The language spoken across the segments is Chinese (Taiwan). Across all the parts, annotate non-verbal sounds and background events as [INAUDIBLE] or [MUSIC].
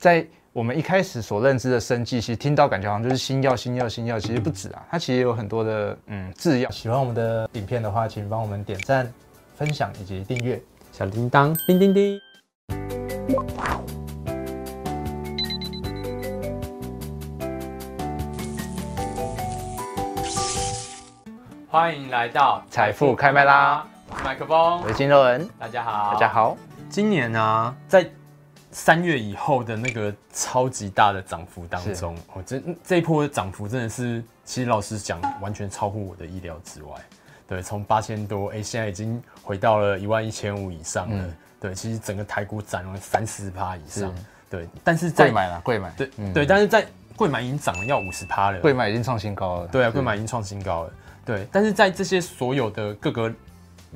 在我們一開始所認知的生技，其實聽到感覺好像就是新藥、新藥、新藥。其實不止啊，它其實有很多的嗯製藥。喜歡我們的影片的話，請幫我們點贊、分享，以及訂閱。小叮當，叮叮叮！歡迎來到財富開麥拉！麥克風，筋肉人，大家好，大家好。今年呢，在三月以後的那個超級大的漲幅當中，哦，這這一波的漲幅真的是，其實老實講，完全超乎我的意料之外。對，從八千多，哎，現在已經回到了一萬一千五以上了、嗯。對，其實整個台股漲了三十趴以上。對，但是在，貴買啦、啊，櫃買。對、嗯、對，但是在櫃買已經漲了要五十趴了。櫃買已經創新高了。對啊，櫃買已經創新高了。對，但是在這些所有的各個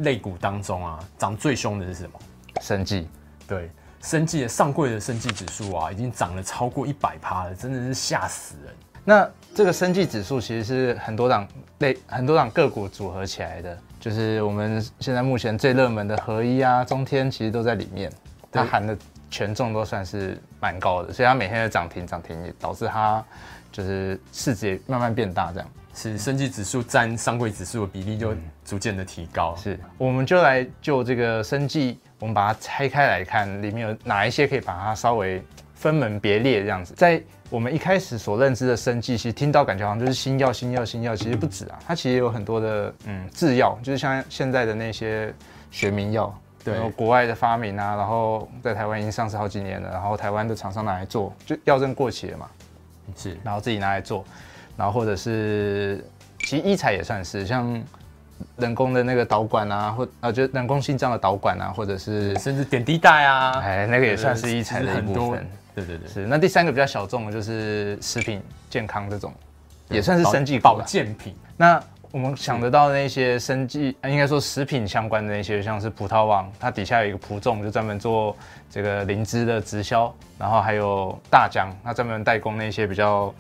類股當中啊，漲最凶的是什麼？生技。對。生計的上櫃的生技指數啊，已經漲了超過一百趴了，真的是嚇死人。那這個生技指數其實是很多檔，類，很多檔個股組合起來的，就是我們現在目前最熱門的合一啊、中天其實都在裡面，它含的權重都算是蠻高的，所以它每天在漲停漲停，漲停也導致它就是市值也慢慢變大這樣。是生技指數占上櫃指數的比例就逐漸的提高、嗯。是，我們就來就這個生技我們把它拆開來看，裡面有哪一些可以把它稍微分門別類這樣子。在我們一開始所認知的生技其實聽到感覺好像就是新藥、新藥、新藥，其實不止啊，它其實有很多的嗯，制藥，就是像現在的那些學名藥，對，對國外的發明啊，然後在台灣已經上市好幾年了，然後台灣的廠商拿來做，就藥證過期了嘛，是，然後自己拿來做。然後或者是其實醫材也算是，像人工的那個導管啊，或啊就人工心臟的導管啊，或者是甚至點滴袋啊，哎那個也算是醫材的很多部，對對對，是，那第三個比較小眾的就是食品健康這種，也算是生技保健品。那我們想得到的那些生技，應該說食品相關的那些，像是葡萄王，它底下有一個葡眾，就專門做這個靈芝的直銷，然後還有大江，它專門代工那些比較。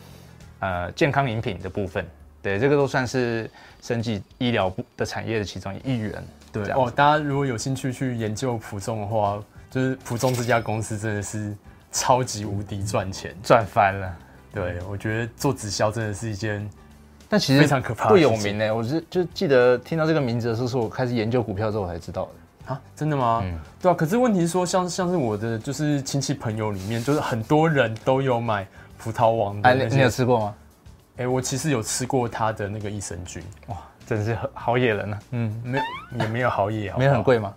呃、健康飲品的部分，對這個都算是生技醫療的產業的其中一員。對哦，大家如果有興趣去研究葡眾的話，就是葡眾這家公司真的是超級無敵、嗯、賺錢，賺翻了。對，嗯、我覺得做直銷真的是一件非常可怕的，但其實非常可怕。不有名呢？欸，我是就，就記得聽到這個名字的時候，是我開始研究股票之後才知道的。啊，真的嗎？嗯，對啊。可是問題是說，像像是我的就是親戚朋友裡面，就是很多人都有買，葡萄王哎、啊，你有吃過嗎？哎，我其實有吃過它的那個益生菌，哇，真是好野人啊！嗯，沒有也沒有好野啊，沒有很貴嗎？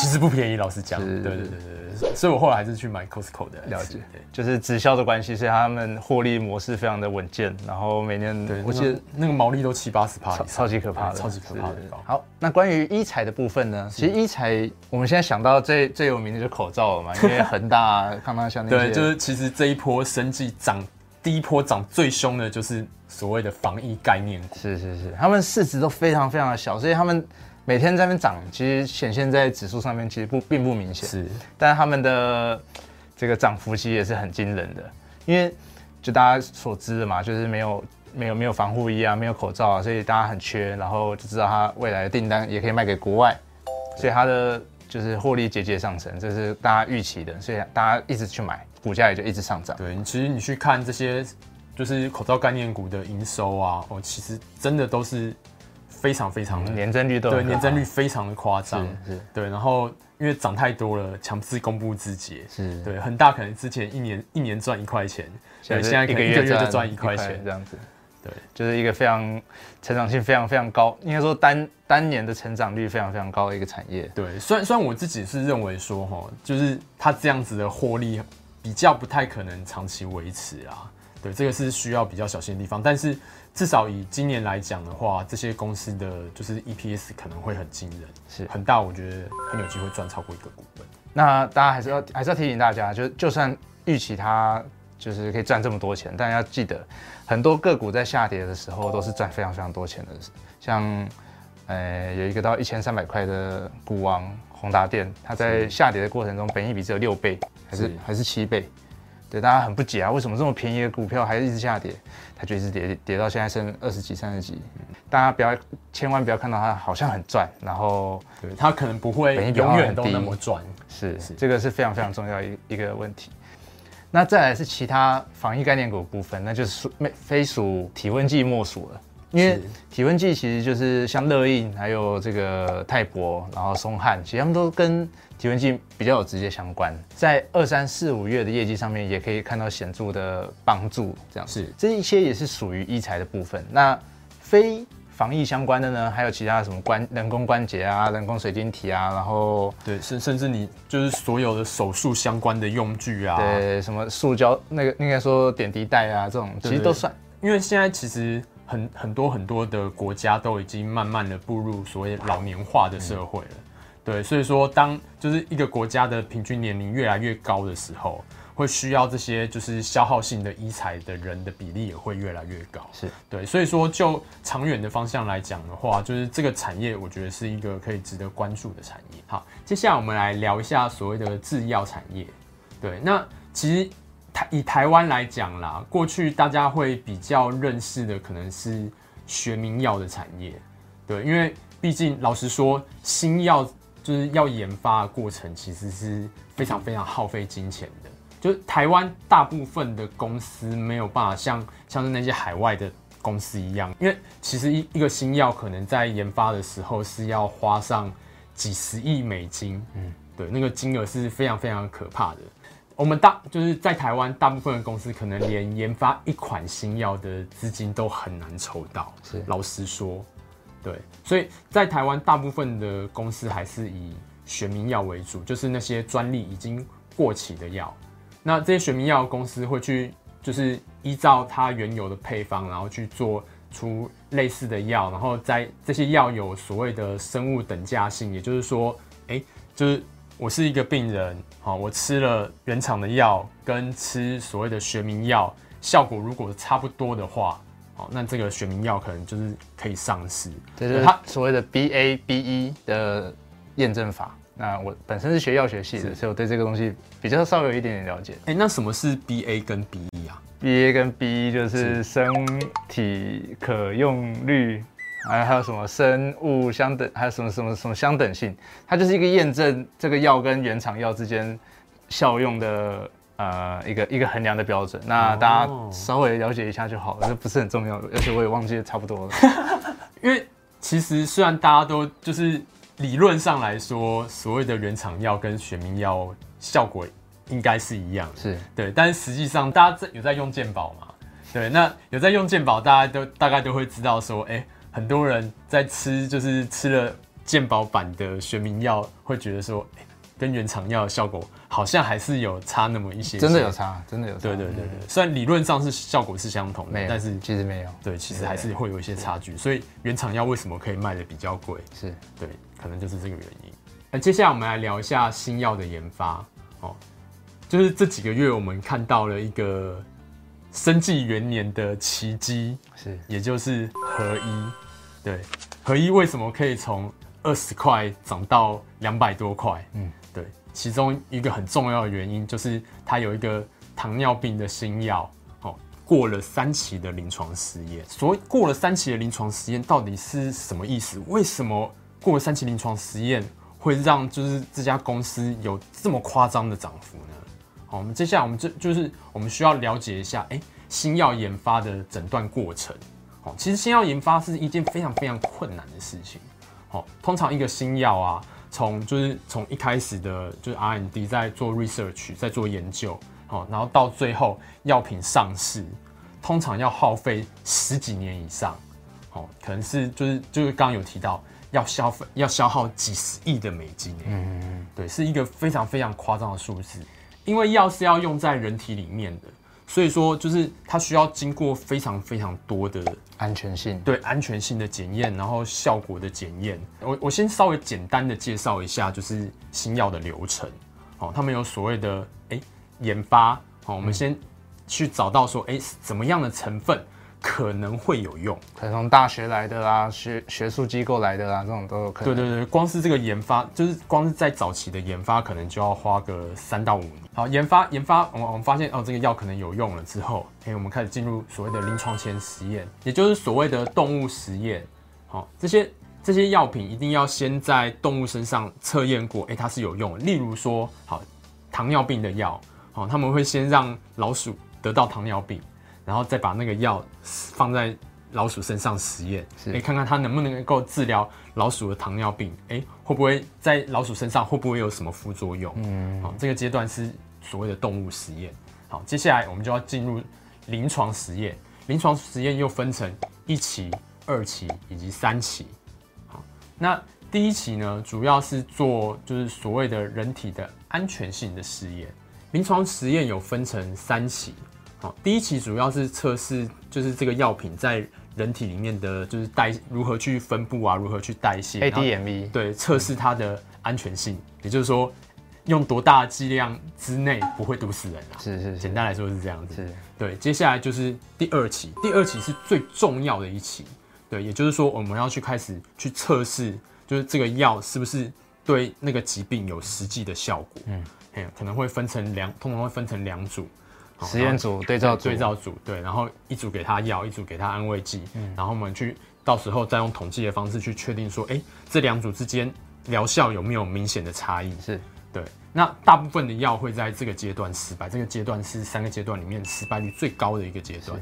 其實不便宜，老實講，對對對對，所以我後來還是去買 Costco 的，了解，就是直銷的關係，所以他們獲利模式非常的穩健，然後每年，對，我記得那個毛利都七八十趴，超級可怕的，超級可怕的。對對對對，好，那關於醫材的部分呢？其實醫材我們現在想到最最有名的就是口罩了嘛，因為恆大、啊、康 [LAUGHS] 泰像那些，對，就是其實這一波生技漲，第一波漲最凶的就是所謂的防疫概念，是是是，他們市值都非常非常的小，所以他們。每天在那漲，其實顯現在指數上面其實不並不明顯，是，但他們的這個漲幅其實也是很驚人的，因為就大家所知的嘛，就是沒有沒有沒有防護衣啊，沒有口罩啊，所以大家很缺，然後就知道它未來的訂單也可以賣給國外，所以它的就是獲利節節上升，這是大家預期的，所以大家一直去買，股價也就一直上漲。對，其實你去看這些就是口罩概念股的營收啊，哦，其實真的都是。非常非常的年增率都對年增率非常的誇張，對，然後因為漲太多了，強制公布自己，是對，很大可能之前一年一年賺一塊錢，像對，現在一個,一個月就賺一塊錢一塊這樣子，對，就是一個非常成長性非常非常高，應該說單單年的成長率非常非常高的一個產業，對，雖然雖然我自己是認為說哈、哦，就是它這樣子的獲利比較不太可能長期維持啊。對，這個是需要比較小心的地方。但是至少以今年來講的話，這些公司的就是 EPS 可能會很驚人，是很大。我覺得很有機會賺超過一個股本。那大家還是要還是要提醒大家，就就算預期它就是可以賺這麼多錢，但要記得很多個股在下跌的時候都是賺非常非常多錢的。像，呃，有一個到一千三百塊的股王宏達電，它在下跌的過程中，本益比只有六倍，還是，是還是七倍。對，大家很不解啊，為什麼這麼便宜的股票還一直下跌？它就一直跌，跌到現在剩二十幾、三十幾、嗯。大家不要，千萬不要看到它好像很賺，然後它可能不會永遠都那麼賺。是，是，這個是非常非常重要的一個問題。那再來是其他防疫概念股的部分，那就是屬非屬體溫計莫屬了。因為體溫計其實就是像熱映，還有這個泰博，然後松漢，其實他們都跟體溫計比較有直接相關，在二三四五月的業績上面也可以看到顯著的幫助。這樣是這一些也是屬於醫材的部分。那非防疫相關的呢？還有其他什麼關人工關節啊、人工水晶體啊，然後對，甚甚至你就是所有的手術相關的用具啊，對，什麼塑膠那個應該說點滴袋啊這種，其實都算對對對，因為現在其實。很很多很多的國家都已經慢慢的步入所謂老年化的社會了。嗯，對，所以說當就是一個國家的平均年齡越來越高的時候，會需要這些就是消耗性的醫材的人的比例也會越來越高。是，對，所以說就長遠的方向來講的話，就是這個產業我覺得是一個可以值得關注的產業。好，接下來我們來聊一下所謂的製藥產業，對，那其實。以台灣來講啦，過去大家會比較認識的可能是學名藥的產業，對，因為畢竟老實說，新藥就是要研發的過程，其實是非常非常耗費金錢的。就是台灣大部分的公司沒有辦法像像是那些海外的公司一樣，因為其實一一個新藥可能在研發的時候是要花上幾十億美金，嗯，對，那個金額是非常非常可怕的。我們大就是在台灣，大部分的公司可能連研發一款新藥的資金都很難籌到。是，老實說，對，所以在台灣大部分的公司還是以學名藥為主，就是那些專利已經過期的藥。那這些學名藥公司會去，就是依照它原有的配方，然後去做出類似的藥，然後在這些藥有所謂的生物等價性，也就是說，哎、欸，就是。我是一個病人，好，我吃了原廠的藥，跟吃所謂的學名藥效果如果差不多的話，好，那這個學名藥可能就是可以上市。就是它所謂的 B A B E 的驗證法。那我本身是學藥學系的，所以我對這個東西比較稍微有一點點了解。欸，那什麼是 B A 跟 B E 啊？B A 跟 B E 就是身體可用率。哎，還有什麼生物相等，還有什麼,什麼什麼什麼相等性？它就是一個驗證這個藥跟原廠藥之間效用的呃一個一個衡量的標準。那大家稍微了解一下就好了，這不是很重要。而且我也忘記差不多了、哦，因為其實雖然大家都就是理論上來說，所謂的原廠藥跟學名藥效果應該是一樣，是對。但實際上大家在有在用健保嘛？對，那有在用健保大家都大概都會知道說，哎。很多人在吃，就是吃了健保版的學名藥，會覺得說，欸、跟原廠藥的效果好像還是有差那麼一些、些。真的有差，真的有差。對對對對，對對對，雖然理論上是效果是相同的，但是其實沒有。對，其實還是會有一些差距。對對對，所以原廠藥為什麼可以賣得比較貴？是對，可能就是這個原因。那接下來我們來聊一下新藥的研發。哦、喔，就是這幾個月我們看到了一個生技元年的奇蹟，是，也就是。合一，對，合一為什麼可以從二十塊漲到兩百多塊？嗯，對，其中一個很重要的原因就是它有一個糖尿病的新藥，哦，過了三期的臨床試驗。所以過了三期的臨床試驗到底是什麼意思？為什麼過了三期臨床試驗會讓就是這家公司有這麼誇張的漲幅呢？好，我們接下來我們就就是我們需要了解一下，哎，新藥研發的診斷過程。哦，其實新藥研發是一件非常非常困難的事情。哦，通常一個新藥啊，從就是從一開始的，就是 R&D 在做 research，在做研究，哦，然後到最後藥品上市，通常要耗費十幾年以上。哦，可能是就是就是剛剛有提到要消費要消耗幾十億的美金。嗯。對，是一個非常非常誇張的數字，因為藥是要用在人體裡面的。所以說，就是它需要經過非常非常多的安全性對安全性的檢驗，然後效果的檢驗。我我先稍微簡單的介紹一下，就是新藥的流程。哦，他們有所謂的誒、欸、研發。哦，我們先去找到說，哎、欸，怎麼樣的成分。可能會有用，可能從大學來的啦、啊，學學術機構來的啦、啊，這種都有可能。對對對，光是這個研發，就是光是在早期的研發，可能就要花個三到五年。好，研發研發，我們我們發現哦，這個藥可能有用了之後，欸、我們開始進入所謂的臨床前實驗，也就是所謂的動物實驗。好、哦，這些這些藥品一定要先在動物身上測驗過，哎、欸，它是有用的。例如說，好，糖尿病的藥，好、哦，他們會先讓老鼠得到糖尿病。然後再把那個藥放在老鼠身上實驗，是誒，看看它能不能夠治療老鼠的糖尿病，誒，會不會在老鼠身上會不會有什麼副作用？嗯，好，這個階段是所謂的動物實驗。好，接下來我們就要進入臨床實驗。臨床實驗又分成一期、二期以及三期。好，那第一期呢，主要是做就是所謂的人體的安全性的實驗。臨床實驗有分成三期。第一期主要是測試，就是這個藥品在人體裡面的就是代如何去分布啊，如何去代謝。ADMV 對，測試它的安全性，嗯，也就是說用多大的劑量之內不會毒死人啊？是,是是，簡單來說是這樣子。是，對，接下來就是第二期，第二期是最重要的一期。對，也就是說我們要去開始去測試，就是這個藥是不是對那個疾病有實際的效果。嗯，可能會分成兩，通常會分成兩組。實驗組、對照對照組，對，然後一組給他藥，一組給他安慰劑，嗯，然後我們去到時候再用統計的方式去確定說，誒，這兩組之間療效有沒有明顯的差異？是，對。那大部分的藥會在這個階段失敗，這個階段是三個階段裡面失敗率最高的一個階段。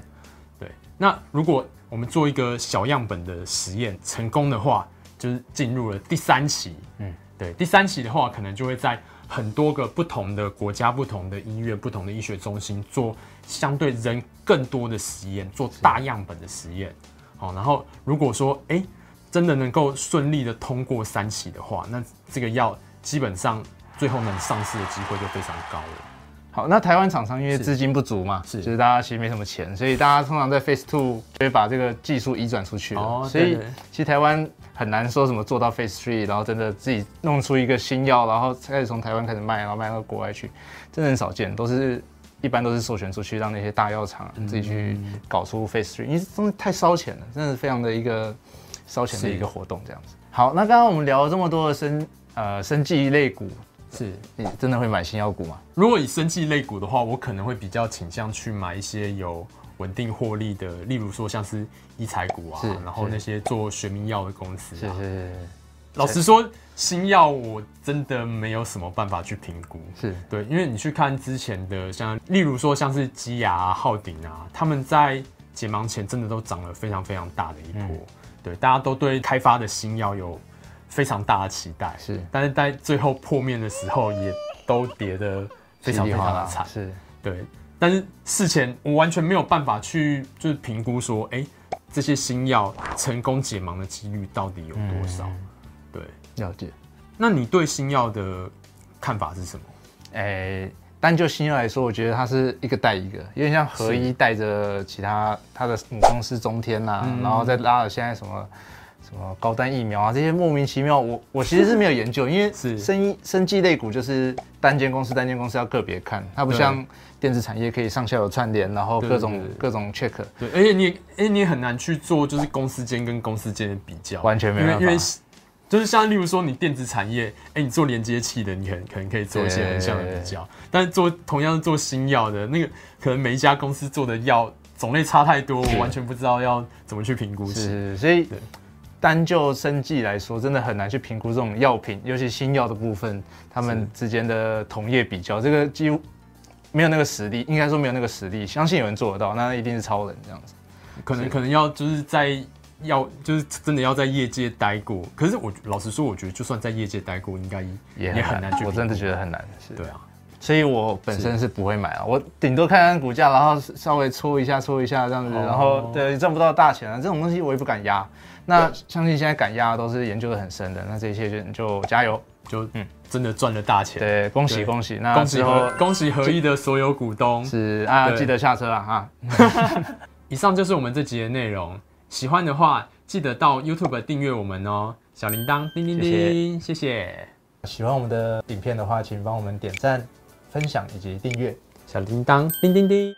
對，那如果我們做一個小樣本的實驗成功的話，就是進入了第三期。嗯，對，第三期的話，可能就會在。很多個不同的國家，不同的音樂，不同的醫學中心做相對人更多的實驗，做大樣本的實驗。好，然後如果說，欸、真的能夠順利的通過三期的話，那這個藥基本上最後能上市的機會就非常高了。好，那台灣廠商因為資金不足嘛，是就是大家其實沒什麼錢，所以大家通常在 Phase Two 就會把這個技術移轉出去了哦，對對對，所以其實台灣。很難說什麼做到 phase 3然後真的自己弄出一個新藥，然後開始從台灣開始賣，然後賣到國外去，真的很少見，都是一般都是授權出去，讓那些大藥廠自己去搞出 phase 3，因為真的太燒錢了，真的是非常的一個燒錢的一個活動這樣子。好，那剛剛我們聊了這麼多的生呃生技類股，是你真的會買新藥股嗎？如果以生技類股的話，我可能會比較傾向去買一些有。穩定獲利的，例如說像是醫材股啊，然後那些做學名藥的公司啊。是是，是，是老實說，新藥我真的沒有什麼辦法去評估。是對，因為你去看之前的像，像例如說像是基亞啊、浩鼎啊，他們在解盲前真的都漲了非常非常大的一波。嗯、對，大家都對開發的新藥有非常大的期待。是。但是在最後破滅的時候，也都跌得非常非常的慘。是。對。但是事前我完全沒有辦法去就是評估說，哎、欸，這些新藥成功解盲的幾率到底有多少，嗯。對，了解。那你對新藥的看法是什麼？哎、欸，單就新藥來說，我覺得它是一個帶一個，有點像合一帶着其他，他的母公司中天啊、嗯、然後再拉了現在什麼。什麼高端疫苗啊，這些莫名其妙，我我其實是沒有研究，因為生是生生技類股就是單間公司，單間公司要個別看，它不像電子產業可以上下有串聯，然後各種對對對各種 check。對，而且你哎，你也很難去做就是公司間跟公司間的比較，完全沒有。因為就是像例如說你電子產業，哎、欸，你做連接器的你，你可能可能可以做一些很像的比較，對對對對但是做同樣是做新藥的那個，可能每一家公司做的藥種類差太多，我完全不知道要怎麼去評估。是，所以。對單就生技來說，真的很難去評估這種藥品，尤其新藥的部分，他們之間的同業比較，這個幾乎沒有那個實力，應該說沒有那個實力。相信有人做得到，那一定是超人這樣子。可能可能要就是在要就是真的要在業界待過，可是我老實說，我覺得就算在業界待過應，應該也很難。我真的覺得很難，是。對啊。所以我本身是不會買啊。我頂多看看股價，然後稍微搓一下搓一下這樣子，哦、然後對，賺不到大錢啊，這種東西我也不敢壓。那相信現在敢壓都是研究的很深的，那這一些就就加油，就嗯，真的賺了大錢，對，恭喜恭喜，那恭喜恭喜合一的所有股東，是啊，記得下車了、啊、哈。 [LAUGHS] 以上就是我們這集的內容，喜歡的話記得到 YouTube 訂閱我們哦、喔，小鈴鐺叮叮叮，謝謝，謝謝，喜歡我們的影片的話，請幫我們點讚。分享以及訂閱，小鈴鐺，叮叮叮。